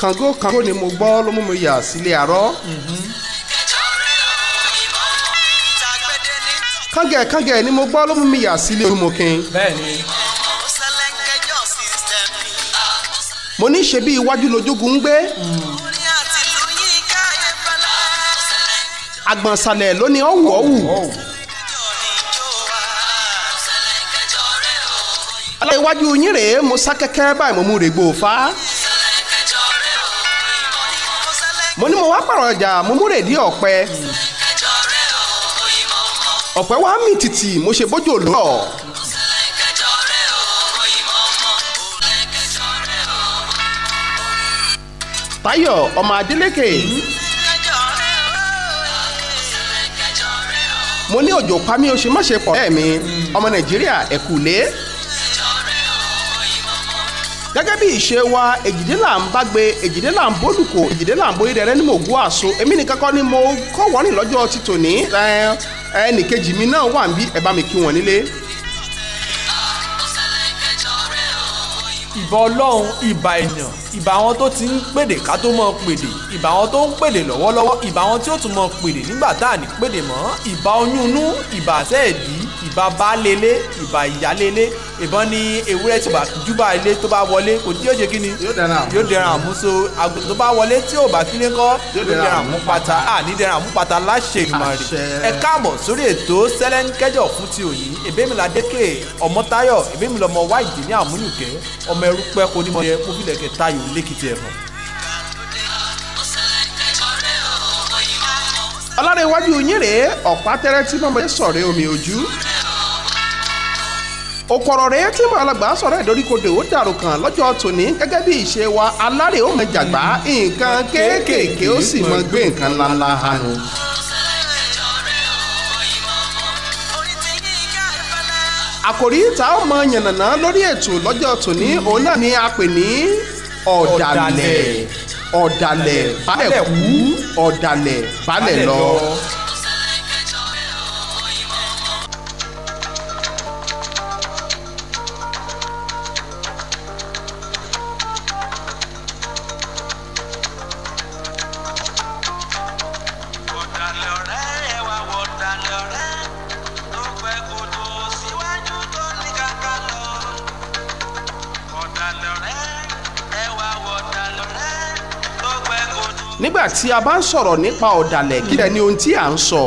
kàngó kàngó ni mo gbọ́ ló mú mi yà sílé àárọ̀. ni mo gbọ́ ló mú mi yà sílé olúmọkin. bẹ́ẹ̀ni. mo ní ṣe bí iwájú ń gbé. ọ̀wù ọ̀wù. aláìwájú yín rèé mo sá kẹ́kẹ́ mo ní mo wá pàrọ̀ ọjà mo múrè dí ọ̀pẹ ọ̀pẹ wá mì tìtì mo ṣe bójú òlúrọ̀. "Tayo, ọmọ Adélékè mo ní òjò pa mí o ṣe má ṣe pọ̀ ẹ́ mi ọmọ Nàìjíríà ẹ̀kú lé. gẹ́gẹ́ bí ìṣe wa èjìdé là ń bágbe èjìdé là ń bólùkò èjìdé là ń bóyídẹrẹ́ ní mògú àṣọ èmi nìkan kọ́ ni mo kọ́ wọ́nì lọ́jọ́ ti tòní ẹnìkejì mi náà wà ń bí ẹ bá mi kí wọn nílé. ìbà ọlọ́run ìbà èèyàn ìbà àwọn tó ti ń pèdè ká tó mọ pèdè ìbà àwọn tó ń pèdè lọ́wọ́lọ́wọ́ ìbà àwọn tí ó tún mọ pèdè nígbà tá à ní pèdè mọ́ ìbà ìbá baálélé ìbá ìyálélé ìbọn ní ewúrẹ́ tí bá júbà ilé tó bá wọlé kò tí yóò ṣe kí ni yóò dẹran àmúso àgùntàn tó bá wọlé tí ò bá kílé kọ́ yóò dẹran àmúpata à ní dẹran àmúpata láṣẹ Èdùmàrè ẹ káàbọ̀ sórí ètò sẹ́lẹ̀ńkẹ́jọ̀ fún ti òní èbémìládékè ọmọtáyọ̀ èbémìlọmọ wáìdì ní àmúlùkẹ́ ọmọ ẹrú pẹ́ kò ní mọ̀ yẹ kó fìlẹ̀ kẹ́ táyọ̀ lẹ́kìtì ẹ̀fọ́. ọlọ́run iwájú yín rèé ọ̀pá tẹ́rẹ́ tí mọ̀mọ́ sọ̀rẹ́ omi ojú. òkọ̀rọ̀ rẹ tí alàgbà sọ̀rọ̀ ẹ̀ doríkodò ó dàrú kan lọ́jọ́ tòní gẹ́gẹ́ bí ìṣe wa alárè ó mọ jàgbá nǹkan kéékèèké ó sì mọ gbé nǹkan ńláńlá hanu. àkòrí tá a mọ yànnàná lórí ètò lọ́jọ́ tòní òun náà ni a pè ní ọ̀dàlẹ̀ ọ̀dàlẹ̀ balẹ̀ kú ọ̀dàlẹ̀ nígbà tí a bá ń sọ̀rọ̀ nípa ọ̀dàlẹ̀ kí lẹ ni ohun tí à ń sọ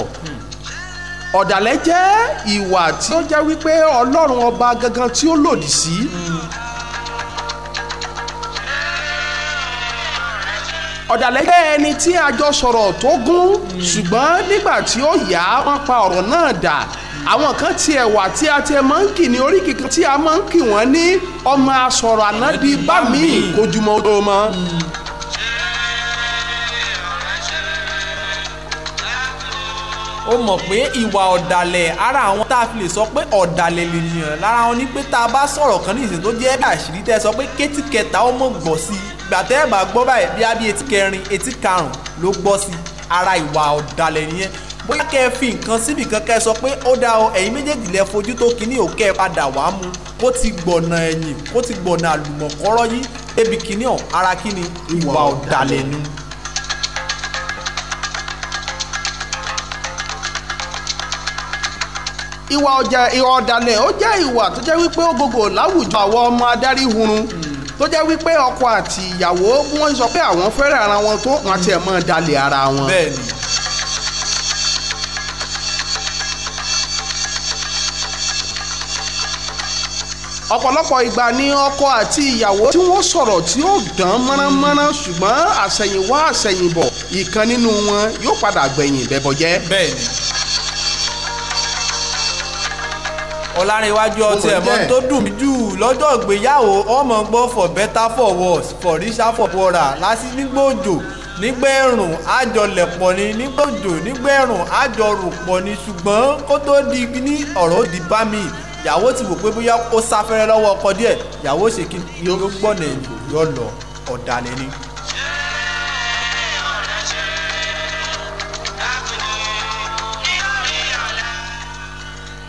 ọ̀dàlẹ̀ jẹ́ ìwà tí ó jẹ́ wípé ọlọ́run ọba gangan tí ó lòdì sí. ọ̀dàlẹ̀ jẹ́ ẹni tí a jọ sọ̀rọ̀ tó gún ṣùgbọ́n nígbà tí ó yá wọ́n pa ọ̀rọ̀ náà dà àwọn kan tiẹ̀ wà tí a tiẹ̀ máa ń kì ní oríkì kan tí a máa ń kì wọ́n ní ọmọ asọ̀rọ̀ àná di bá mi kojúmọ́ ọmọ. ó mọ̀ pé ìwà ọ̀dàlẹ̀ ara àwọn tá a fi lè sọ pé ọ̀dàlẹ̀ lè yàn lára wọn ni pé tá a bá sọ̀rọ̀ kan ní ìsìn tó jẹ́ bí àṣírí tẹ́ sọ pé kétí kẹta ó mọ̀ gbọ́ sí i ìgbà tẹ́ ẹ̀ máa gbọ́ báyìí bí a bí etí kẹrin etí karùn-ún ló gbọ́ sí i ara ìwà ọ̀dàlẹ̀ nìyẹn bóyá kẹ́ ẹ fi nǹkan síbì kan kẹ́ ẹ sọ pé ó dá o ẹ̀yin méjèèjì lẹ fojú tó kinní ò kẹ́ ẹ padà wá mu kó ti gbọ̀nà ẹ̀yìn kó ti gbọ̀nà àlùmọ̀kọ́rọ́ yín débi kinní ọ̀ ara kíni ìwà ọ̀dàlẹ̀ nu. ìwà ọjà ìwà ọ̀dàlẹ̀ ó jẹ́ ìwà tó jẹ́ wípé ó gògò láwùjọ àwọn ọmọ adarí hurun tó jẹ́ wípé ọkọ àti ìyàwó wọ́n sọ pé àwọn fẹ́rẹ̀ ara wọn tó wọn ti ẹ̀ mọ́ dalẹ̀ ara wọn. ọ̀pọ̀lọpọ̀ ìgbà ni ọkọ àti ìyàwó tí wọ́n sọ̀rọ̀ tí ó dán mọ́nàmọ́ná ṣùgbọ́n àṣẹ̀yìnwá àṣẹ̀yìnbọ̀ ìkan nínú wọn yóò padà gbẹ̀yìn bẹ́bọ̀ jẹ́. bẹ́ẹ̀ni ọ̀làrìnwájú ọtí ẹ̀mọ́ tó dùn mí jù lọ́jọ́ ìgbéyàwó ọmọ gbọ́ for better for worse for richer for poorer lásì nígbà òjò nígbà ẹ̀rùn ni nígbà òjò nígbà ẹ̀rùn ni ṣùgbọ́n kó tó di ní ọ̀rọ̀ òdì bá mi ìyàwó ti wò pé bóyá ó sáfẹ́rẹ́ lọ́wọ́ ọkọ díẹ̀ ìyàwó ṣèkí yóò gbọ́nà ìlú yọ lọ ọ̀dàlẹ̀ ni.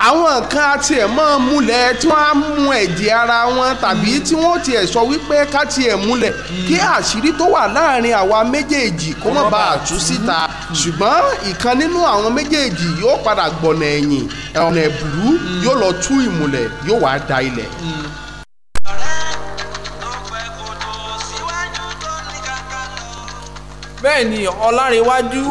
àwọn kan àti ẹ̀ mọ́ múlẹ̀ tí wọ́n á mú ẹ̀jẹ̀ ara wọn tàbí hmm. tí wọ́n tiẹ̀ sọ wípé ká tiẹ̀ múlẹ̀ hmm. kí àṣírí tó wà láàrin àwa méjèèjì kó má bàa tú síta hmm. ṣùgbọ́n ìkan nínú àwọn méjèèjì yóò padà gbọ̀nà ẹ̀yìn ọ̀nà ẹ̀bùrú yóò lọ tú ìmùlẹ̀ yóò wá da ilẹ̀. bẹ́ẹ̀ ni ọlárẹ̀wájú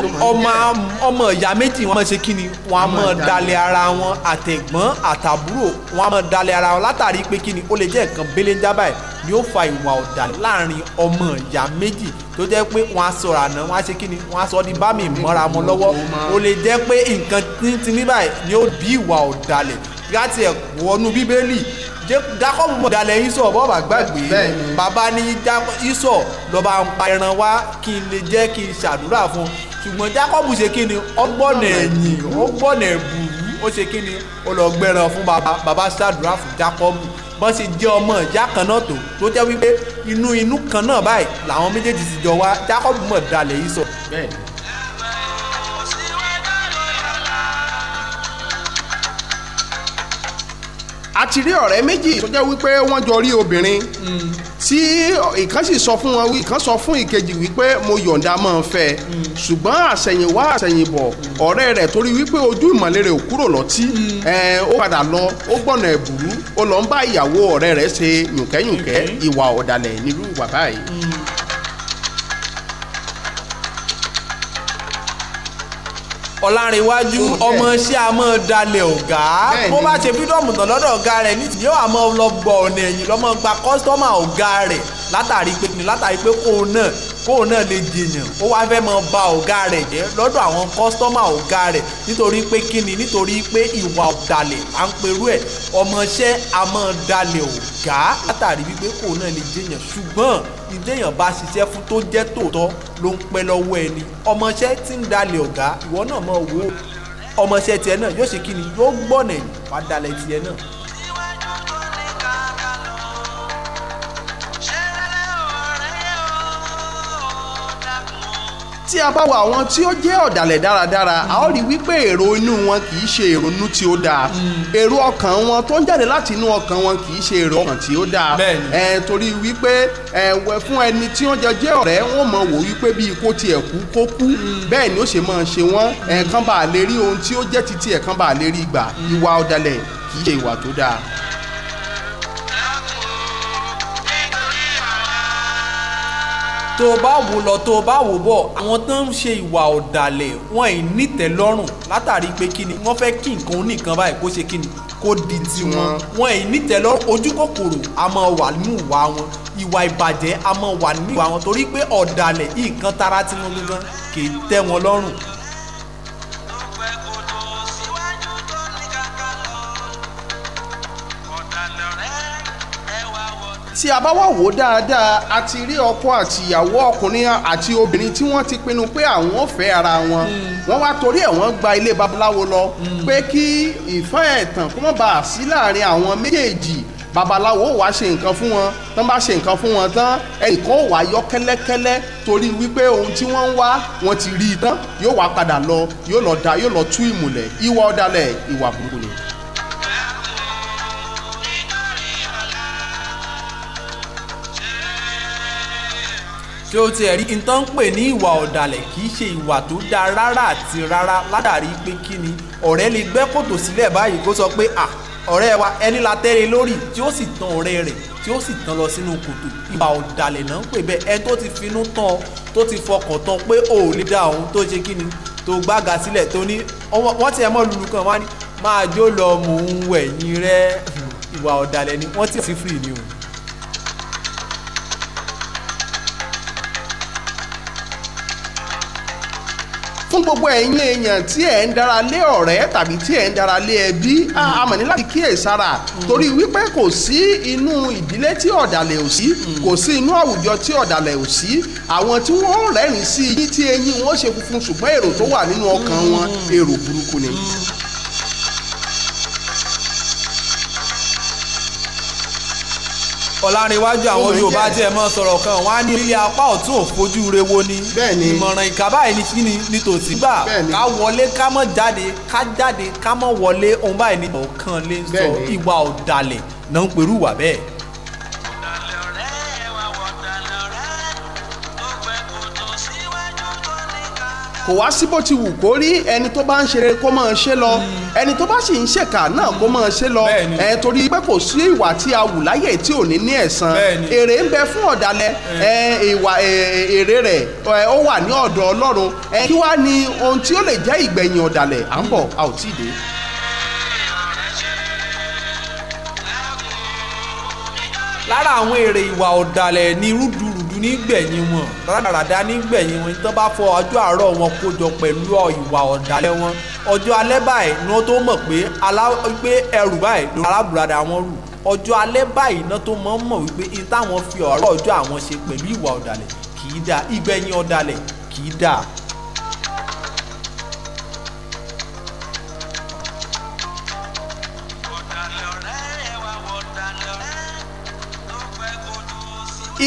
ọmọ ìyá méjì wọn máa ṣe kí ni wọn á máa dalẹ̀ ara wọn àtẹ̀gbọ́n àtàbúrò wọn á máa dalẹ̀ ara wọn látàrí pé kí ni ó lè jẹ́ nǹkan belenja báyìí ni ó fa ìwà ọ̀dàlẹ̀ láàrin ọmọ ìyá méjì tó jẹ́ pé wọ́n á sọ̀rọ̀ àná wọ́n á ṣe kí ni wọ́n á sọ di bámi mọ́ra wọn lọ́wọ́ ó lè jẹ́ pé nǹkan tí ní báyìí ni ó bí ìwà ọ̀dàlẹ̀ láti ẹ̀kọ́ wọnú bíbélì jacob mọ̀ dalẹ̀ isọ̀ bọ́ọ̀bà gbàgbé bàbá ní isọ̀ lọ́ba ń pa ẹran wá kí n lè jẹ́ kí n ṣàdúrà fún ṣùgbọ́n jacob ṣe kí ni ọgbọ́nà ẹ̀yìn ọgbọ́nà ẹ̀bùrú ó ṣe kí ni ó lọ gbẹran fún bàbá bàbá ṣàdúrà fún jacob bọ́n ṣe jẹ́ ọmọ ìyá kan náà tó tó jẹ́ wípé inú inú kan náà báyìí làwọn méjèèjì ti jọ wá jacob mọ̀ dalẹ̀ isọ̀ bẹ́ẹ̀ a ti rí ọ̀rẹ́ méjì tó jẹ́ wípé wọ́n jọ rí obìnrin tí ìkan sì sọ fún wọn ìkan sọ fún ìkejì wípé mo yọ̀ǹda máa ń fẹ́ ṣùgbọ́n àṣẹ̀yìnwá àṣẹ̀yìnbọ̀ ọ̀rẹ́ rẹ̀ torí wípé ojú ìmọ̀lérè ò kúrò lọ́tí ó padà lọ ó gbọ̀nà ẹ̀bùrú ó lọ ń bá ìyàwó ọ̀rẹ́ rẹ̀ ṣe yùnkẹ́yùnkẹ́ ìwà ọ̀dàlẹ̀ nílùú wà báyìí ọ̀làrìnwájú ọmọ iṣẹ́ a máa dalẹ̀ ọ̀gá bó bá ṣe fídọ́ọ̀mù tán lọ́dọ̀ ọ̀gá rẹ̀ ní yóò àmọ́ lọ gbọ́ ọ̀nà ẹ̀yìn lọ́mọ gba kọ́sítọ́mà ọ̀gá rẹ̀ látàrí pé kìnìún látàrí pé kóun náà kóun náà lè jìyàn ó wá fẹ́ mọ ba ọ̀gá rẹ̀ jẹ́ lọ́dọ̀ àwọn kọ́sítọ́mà ọ̀gá rẹ̀ nítorí pé kíni nítorí pé ìwà ọ̀dàlẹ̀ à ń perú ẹ̀ ọmọọṣẹ́ a máa látàrí wípé kóun náà lè jìyàn ṣùgbọ́n ìdéyàn bá ṣiṣẹ́ fún tó jẹ́ tòótọ́ ló ń pẹ́ lọ́wọ́ ẹni ọmọọṣẹ́ tí ń dalẹ̀ ọ̀gá ìwọ náà mọ̀ wò ó ọmọọṣẹ́ tiẹ̀ náà yóò ṣe kí ni yóò gbọ̀nà ẹ̀yìn wá dalẹ̀ tiẹ̀ náà tí a bá wo àwọn tí ó jẹ́ ọ̀dàlẹ̀ dáradára a ó rí wípé èrò inú wọn kì í ṣe èrò inú tí ó dáa mm. èrò ọkàn wọn tó ń jáde láti inú ọkàn wọn kì í ṣe èrò ọkàn tí ó dáa ẹ torí wípé ẹ fún ẹni tí wọ́n jọ jẹ́ ọ̀rẹ́ wọ́n mọ̀ wò wípé bí kò tiẹ̀ kú kó kú mm. bẹ́ẹ̀ ni ó ṣe máa ṣe wọ́n ẹ̀ẹ̀kan bá lè rí ohun tí ó jẹ́ titi ẹ̀ẹ̀kan bá lè rí ìgbà mm. ìwà ọ̀dàlẹ̀ kì í ṣe ìwà tó dáa. tó o bá wò lọ tó o bá wò bọ̀ àwọn tó ń ṣe ìwà ọ̀dàlẹ̀ wọn ì nítẹ̀lọ́rùn látàrí pé kí ni wọ́n fẹ́ kí nǹkan oníkan báyìí kó ṣe kí ni kó di tiwọn wọn ì nítẹ̀lọ́rùn ojú kòkòrò a máa wà nínú ìwà wọn ìwà ìbàjẹ́ a máa wà nínú ìwà wọn torí pé ọ̀dàlẹ̀ nǹkan tara tinú gan kì í tẹ́ wọn lọ́rùn. ọ̀dàlẹ̀ rẹ̀ tí a bá wá wò ó dáadáa a ti rí ọkọ àti ìyàwó ọkùnrin àti obìnrin tí wọ́n ti pinnu pé àwọn ò fẹ́ ara wọn hmm. wọ́n wá torí ẹ̀ wọ́n gba ilé babaláwo lọ hmm. pé kí ìfẹ́ ẹ̀tàn kó má bàa sí láàrin àwọn méjèèjì babaláwo wàá ṣe nǹkan fún wọn tán bá ṣe nǹkan fún wọn tán ẹnìkan ò wá yọ kẹ́lẹ́kẹ́lẹ́ torí wípé ohun tí wọ́n ń wá wọn ti rí i tán yóò wá padà lọ yóò lọ da yóò lọ tú ìmùlẹ̀ ìwà ọ̀dàlẹ̀ ìwà burúkú ni. tí ó tiẹ̀ rí nǹkan ń pè ní ìwà ọ̀dàlẹ̀ kì í ṣe ìwà tó dáa rárá àti rárá ládàrí pé kí ni ọ̀rẹ́ lè gbẹ́ kòtò sílẹ̀ báyìí kó sọ pé à ọ̀rẹ́ wa ẹni la tẹ́lẹ̀ lórí tí ó sì tan ọ̀rẹ́ rẹ̀ tí ó sì tan lọ sínú kòtò ìwà ọ̀dàlẹ̀ náà ń pè bẹ́ẹ̀ ẹ tó ti finú tán tó ti fọkàn tán pé ò lè dá òun tó ṣe kí ni tó gbága sílẹ̀ tó ní wọ́n ti ẹ̀ mọ́ lulu kan wá ní máa jó lọ mò ń wẹ̀yìn rẹ̀ ìwà ọ̀dàlẹ̀ ni wọ́n ti fi free ni o. fún gbogbo ẹ̀yin èèyàn tí ẹ̀ ń dára lé ọ̀rẹ́ tàbí tí ẹ̀ ń dára lé ẹbí a mọ̀ ní láti hmm. torí wípé kò sí inú ìdílé tí ọ̀dàlẹ̀ ò sí hmm. kò sí inú àwùjọ tí ọ̀dàlẹ̀ ò sí àwọn tí wọ́n rẹ́rìn sí yín tí eyín wọn ṣe funfun ṣùgbọ́n èrò tó wà nínú ọkàn wọn hmm. èrò burúkú ni. ọ̀lànìwájú àwọn yorùbá tí ẹ mọ́ sọ̀rọ̀ kan wọ́n á ní ilé apá ọ̀tún òfojú rewo ni ìmọ̀ràn ìka báyìí ni kíni gbà ká wọlé ká mọ̀ jáde ká jáde ká mọ̀ wọlé ohun báyìí ọ̀kan lè sọ ìwà ọ̀dàlẹ̀ náà ń perú wà bẹ́ẹ̀. kò wá sí bó ti wù kó rí ẹni tó bá ń ṣeré kó máa ṣe lọ ẹni tó bá sì ń ṣèkà náà kó máa ṣe lọ ẹ torí pé kò sí ìwà tí a wù láyè tí ò ní ní ẹ̀san èrè ń bẹ fún ọ̀dàlẹ̀ ẹ ìwà èrè rẹ̀ ó wà ní ọ̀dọ̀ Ọlọ́run kí wá ní ohun tí ó lè jẹ́ ìgbẹ̀yìn ọ̀dàlẹ̀ à ń bọ̀ a ò tí ì dé. lára àwọn èrè ìwà ọ̀dàlẹ̀ ni rúdurù nígbẹ̀yìn wọn rádaràdá nígbẹ̀yìn wọn tó bá fọ ọjọ́ àárọ̀ wọn kójọ pẹ̀lú ìwà ọ̀dàlẹ̀ wọn ọjọ́ alẹ́ báyìí ni wọ́n tó mọ̀ pé pé ẹrù báyìí ló alábùradà wọn rù ọjọ́ alẹ́ báyìí náà tó mọ̀ mọ̀ wípé ihun táwọn fi ọ̀rọ̀ ọjọ́ àwọn ṣe pẹ̀lú ìwà ọ̀dàlẹ̀ kì í dáa ìgbẹ̀yìn ọ̀dàlẹ̀ kì í dáa.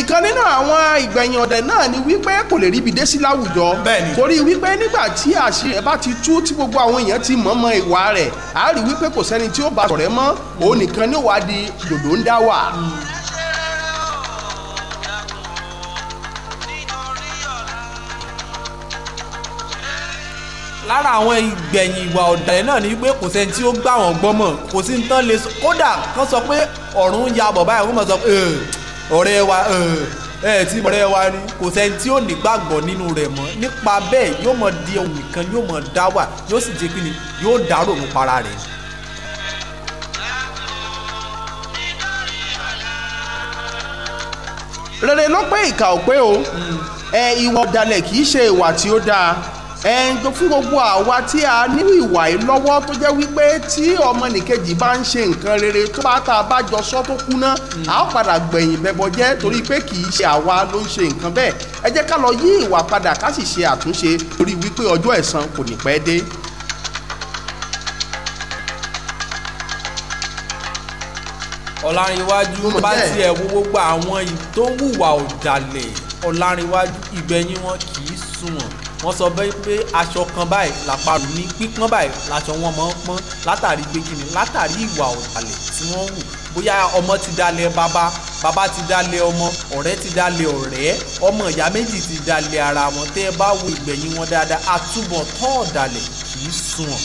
ìkan nínú àwọn ìgbẹ̀yìn ọ̀dẹ̀ náà ni wípé kò lè ríbi dé sí láwùjọ torí wípé nígbà tí àṣírí ẹ̀ bá ti tú tí gbogbo àwọn èèyàn ti mọ̀ọ́mọ̀ ìwà rẹ̀ á rí wípé kò sẹ́ni tí ó bá sọ̀rẹ́ mọ́ òun nìkan ni ó wá di dòdò ń dá wà. lára àwọn ìgbẹ̀yìn ìwà ọ̀dàlẹ̀ náà ni pé kò sẹ́ni tí ó gbà wọ́n gbọ́ mọ̀ kò sí ní tán lè kódà kán sọ pé ọ̀run ya bọ̀ báyìí wọ́n mọ̀ sọ pé ọ̀rẹ́ wa ẹ tí ọ̀rẹ́ wa ni kò sẹ́ni tí ó nígbàgbọ́ nínú rẹ̀ mọ́ nípa bẹ́ẹ̀ yóò mọ̀ di ohun nìkan yóò mọ̀ dá wà yóò sì jẹ́ kíni yóò dárò mú para rẹ̀. rere ló pé ìkà ò pé o mm. ẹ ìwà ọ̀dàlẹ̀ kì í ṣe ìwà tí ó dáa ẹ̀ǹtọ́ fún gbogbo àwa tí a ní ìwà yìí lọ́wọ́ tó jẹ́ wípé tí ọmọnìkejì bá ń ṣe nǹkan rere tó bá tá a bá jọ sọ tó kúná a ó padà gbẹ̀yìn bẹbọ jẹ́ torí pé kì í ṣe àwa ló ń ṣe nǹkan bẹ́ẹ̀ ẹ jẹ́ ká lọ yí ìwà padà ká sì ṣe àtúnṣe torí wípé ọjọ́ ẹ̀san kò ní pẹ́ dé. ọ̀làrìnwájú bá tiẹ̀ wo gbogbo àwọn tó wùwà ọ̀dàlẹ̀ ọ̀làrìnwájú ìgbẹ̀yìn wọn kì í sunwọ̀n wọ́n sọ bẹ́ẹ̀ pé aṣọ kan báyìí làparù ní pípọ́n báyìí láṣọ wọn máa ń pọ́n látàrí gbégini látàrí ìwà ọ̀dàlẹ̀ tí wọ́n hù bóyá ọmọ ti dalẹ̀ bàbá bàbá ti dalẹ̀ ọmọ ọ̀rẹ́ ti dalẹ̀ ọ̀rẹ́ ọmọ ìyá méjì ti dalẹ̀ ara wọn tẹ́ ẹ bá wo ìgbẹ̀yìn wọn dáadáa àtúbọ̀ tọ́ ọ̀dàlẹ̀ kì í sunwọ̀n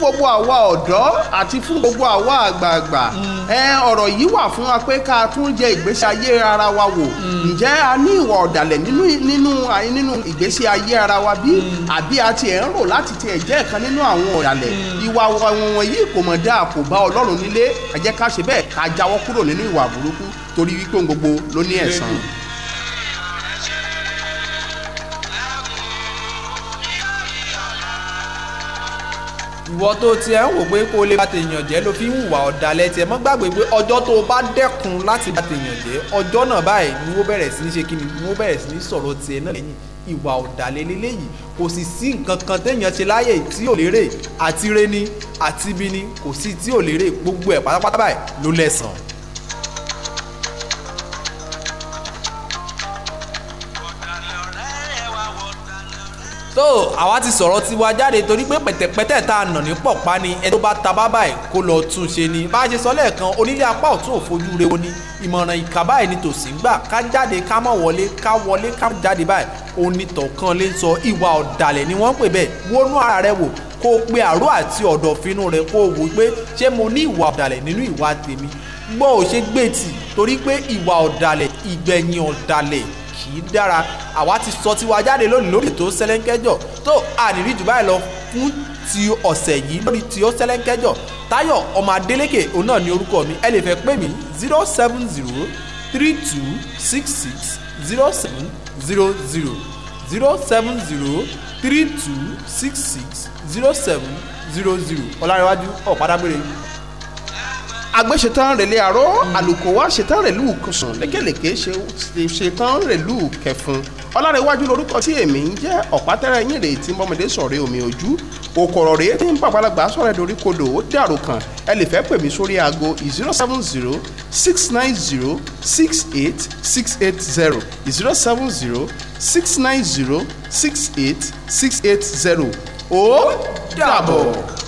gbogbo àwa ọ̀dọ́ àti fún gbogbo àwa àgbààgbà ọ̀rọ̀ yìí wà fún wa pé ká tún jẹ ìgbésí ayé ara wa wò ǹjẹ́ a ní ìwà ọ̀dàlẹ̀ nínú ìgbésí ayé ara wa bí àbí a ti ẹ̀ ń rò láti ti ẹ̀ jẹ́ ìkan nínú àwọn ọ̀dàlẹ̀ ìwà wọn yìí kò mọ̀ dáa kò bá ọlọ́run nílé àjẹká ṣe bẹ́ẹ̀ ká jáwọ́ kúrò nínú ìwà burúkú torí wípé gbogbo ló ní ẹ̀san. ìwọ tó ti ẹ̀ ń wò pé kó o lè bá tèèyàn jẹ́ ló fi ń hùwà ọ̀dàlẹ̀ tiẹ̀ mọ́ gbàgbé pé ọjọ́ tó o bá dẹ́kun láti bá tèèyàn jẹ́ ọjọ́ náà báyìí ni wọ́n bẹ̀rẹ̀ sí ní ṣe kí ni wọ́n bẹ̀rẹ̀ sí ní sọ̀rọ̀ tiẹ̀ náà lẹ́yìn ìwà ọ̀dàlẹ̀ lélẹ́yìí kò sì sí nǹkan kan téèyàn ṣe láyè tí ò lérè àtiré ni àtibí ni kò sí tí ò lérè gbogbo ẹ̀ pátápátá báyìí ló lẹ́sàn-án tó àwa ti sọ̀rọ̀ tiwa jáde torí pé pẹ̀tẹ̀pẹ̀tẹ̀ tá a nà ní pọ̀pá ni ẹni tó bá ta bábà ẹ̀ kó lọ tún ṣe ni bá a ṣe sọ lẹ́ẹ̀kan onílé apá ọ̀tún òfojú rewo ni ìmọ̀ràn ìkà báyìí ni tòsí ń gbà ká jáde ká mọ̀ wọlé ká wọlé ká jáde báyìí onítọ̀kan lè sọ ìwà ọ̀dàlẹ̀ ni wọ́n ń pè bẹ́ẹ̀ wónú ara rẹ wò kó o pe àrò àti ọ̀dọ̀fínú rẹ kó o wò pé ṣé mo ní ìwà ọ̀dàlẹ̀ nínú ìwà tèmi gbọ́ ò ṣe gbé tì torí pé ìwà ọ̀dàlẹ̀ ìgbẹ̀yìn ọ̀dàlẹ̀ kì í dára àwa ti sọ tiwa jáde lónìí lórí ètò sẹlẹńkẹjọ tó àníríì jù báyìí lọ fún ti ọ̀sẹ̀ yìí lórí ti ó sẹlẹńkẹjọ táyọ̀ ọmọ adélèké òun náà ní orúkọ mi ẹ lè fẹ́ pè mí zero seven zero three two six six zero seven zero zero zero seven zero three two six six zero seven zero zero ọ̀làrẹ̀wájú ọ̀pá dágbére agbéṣetán rẹ̀ lé arọ́ àlùkò wá ṣetán rẹ̀ lù kùsùn lékelèké ṣetán rẹ̀ lù kẹfun ọlárẹ̀wájú lórúkọ tí èmi ń jẹ́ ọ̀pátẹ́rẹ́ yín rèé tí bọ́mọdé sọ̀rọ̀ omi ojú òkòrò rèé tí ń pàpàlagbà sọ̀rọ̀ dorí kodò ó dàrú kan ẹ lè fẹ́ pè mí sórí aago zero seven zero six nine zero six eight six eight zero zero seven zero six nine zero six eight six eight zero ó dàbọ̀.